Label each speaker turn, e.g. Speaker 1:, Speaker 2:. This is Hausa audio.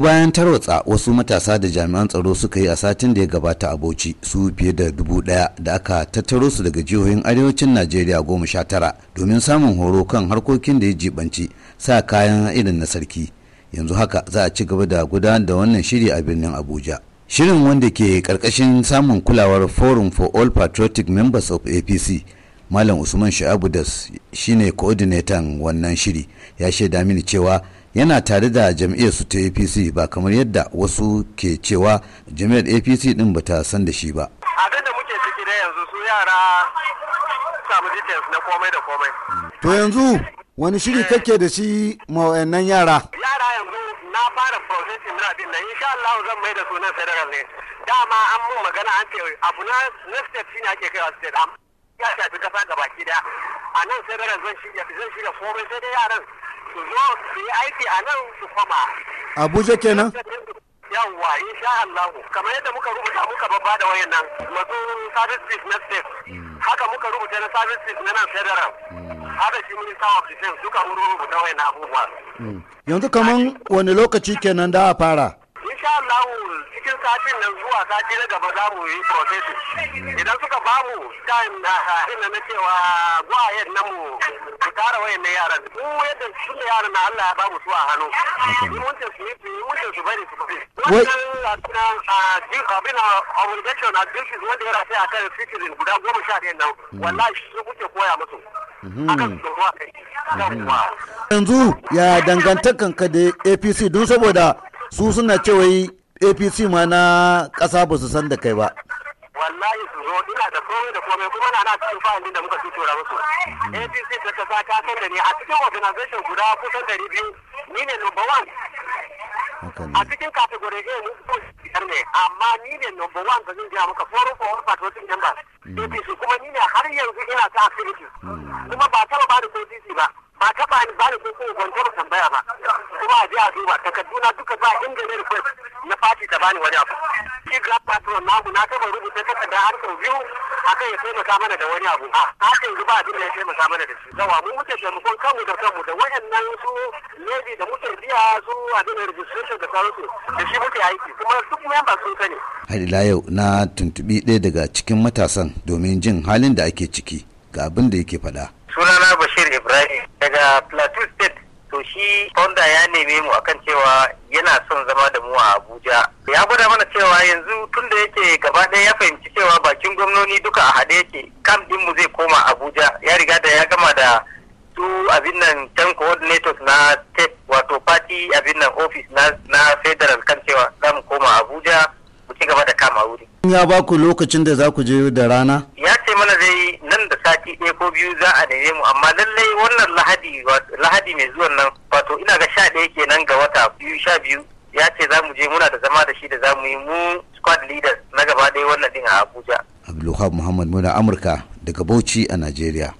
Speaker 1: bayan tarwatsa wasu matasa da jami'an tsaro suka yi a satin da ya gabata a bauchi su fiye da dubu daya da aka tattaro su daga jihohin arewacin najeriya goma sha tara domin samun horo kan harkokin da ya jibanci sa kayan irin na sarki yanzu haka za a ci gaba da gudanar da wannan shiri a birnin abuja shirin wanda ke karkashin samun kulawar forum for all patriotic members of apc malam usman sha'abu das shine coordinator wannan shiri ya shaida mini cewa yana tare da jam'iyyar su ta apc ba kamar yadda wasu ke cewa jam'iyyar apc din ba ta san da shi ba
Speaker 2: abin da muke ciki da yanzu su yara samu details na komai da komai
Speaker 3: to yanzu wani shiri kake da shi ma wayannan yara yara yanzu na fara processing na din nan insha Allah
Speaker 2: zan mai da sunan federal ne dama an mun magana an ce abu na next step shine ake kaiwa state am ya shafi kasa gabaki daya a nan federal zan shirya zan shirya komai sai dai yaran su
Speaker 3: zo su yi aiki a nan su koma Abuja kenan? yawwa insha Allah kamar yadda muka rubuta muka babba da wayannan masu
Speaker 2: service chief na state mm. haka muka rubuta na service chief na nan federal mm. haka shi minister of defense duka mun rubuta wayan abubuwa
Speaker 3: mm. yanzu kaman wani lokaci kenan da a fara
Speaker 2: insha Allah cikin satin nan zuwa sati na gaba za mu yi processing idan suka ba mu time na ina na cewa go yan nan mu mu tara wayannan yaran mu yadda su ne yaran na Allah ya ba mu su a hannu mun ta su yi mun ta
Speaker 3: su bari su fi wannan
Speaker 2: ah, ah, ah, abin a obligation a duties
Speaker 3: wanda yara sai a kan citizen guda goma sha ɗaya nan mm-hmm. wallahi su kuke koya musu mm-hmm. mm-hmm. yanzu ya dangantakan ka da apc don saboda su suna cewa apc ma na ƙasa ba su san da kai ba wallahi su zo ina da komai da komai
Speaker 2: kuma na cikin fa'ilin da muka tutura musu mhm. apc ta kasa ta da ni a cikin organization guda kusan dari biyu ni ne number one a cikin kategori a ni biyar ne amma ni ne number one da zan gaya muka forum oh for all patriotic members mhm. apc kuma ni ne har yanzu ina ta activities mhm. kuma ba taba ba da ba ba taɓa ni ba ni ko ko ban tambaya ba kuma a je a duba takarduna duka ba inda ne request na fati ta bani wani abu shi grand patron namu na taɓa rubuta takarda har sau biyu akan ya taimaka mana da wani abu a haka yanzu ba abin da ya taimaka mana da shi zawa mu muke taimakon kanmu da kanmu da wayannan su lady da muke biya su
Speaker 1: abin da registration da sauransu da shi muke aiki kuma duk member sun sani har ila yau na tuntubi ɗaya daga cikin matasan domin jin halin da ake ciki ga abin da yake faɗa
Speaker 2: sunana bashir
Speaker 4: ibrahim daga plateau state to shi fonda ya neme mu akan cewa yana son zama da mu a abuja ya gwada mana cewa yanzu tun da yake gaba ɗaya ya fahimci cewa bakin gwamnoni duka a haɗe yake kam ɗin mu zai koma abuja ya riga da ya gama da su abin nan can coordinators na state wato party abin nan office na, na federal kan cewa za mu koma abuja mu ci gaba da kama wuri.
Speaker 3: ya ba ku lokacin da za ku je da rana?
Speaker 4: ɗaya ko biyu za a neme mu amma lallai wannan lahadi lahadi mai zuwan nan wato ina ga sha ɗaya kenan ga wata biyu sha biyu ya ce za mu je muna da zama da shi da za mu yi mu squad leaders na gaba ɗaya wannan ɗin a Abuja.
Speaker 1: Abdulwahab Muhammad muna Amurka daga Bauchi a Najeriya.